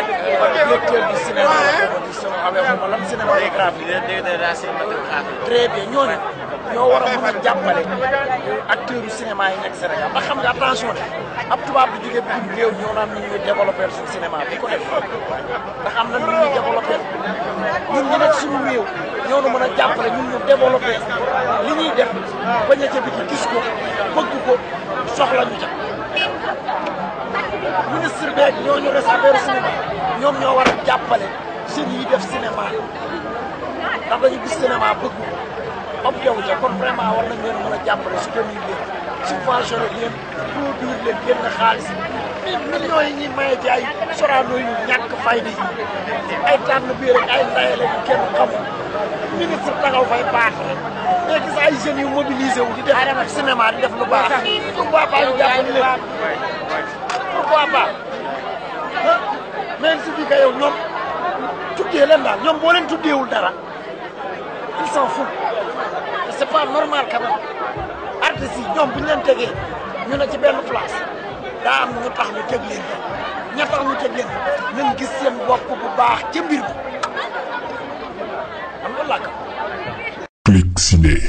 directeur du cinéma très bien ñooñu a a jàppale acteurs yu cinéma yi nekk Sénégal ba xam nga attention ab tubaab bu jógee bitim réew ñoo naan ñu ñuy bi ko def ndax na lu ñuy développé ñun ñu nekk suñu réew ñoo nu mën a jàppale ñun ñu développé li ñuy def bañ a ca biti gis ko bëgg ko soxla ñu ca ministre beeg ñoo ñu des affaire cinéma ñoom ñoo war a jàppale jeunes yi def cinéma ndax dañu gis cinéma bëgg objet wu ca kon vraiment a nañ leen mën a jàppale soutenir leen subventionné leen produire leen génn xaalis yi ñuy maye ci ay soraanoo yu ñàkk yi ay tànn biir ak ay ndaye la kenn xamul ministre taxaw fay baax rek mais gis ay jeunes yu mobilisé wu di def cinéma di def lu baax pourquoi pas ñu jàppale même si di que yow ñoom tuddee leen daal ñoom boo leen tuddeewul dara ils s'en fout te c'est pas normal quand même artistes yi ñoom bu ñu leen tegee ñu ne place daa am ñu tax ñu teg leen ña tax ñu teg leen nañ gis seen bopp bu baax ca Ciné.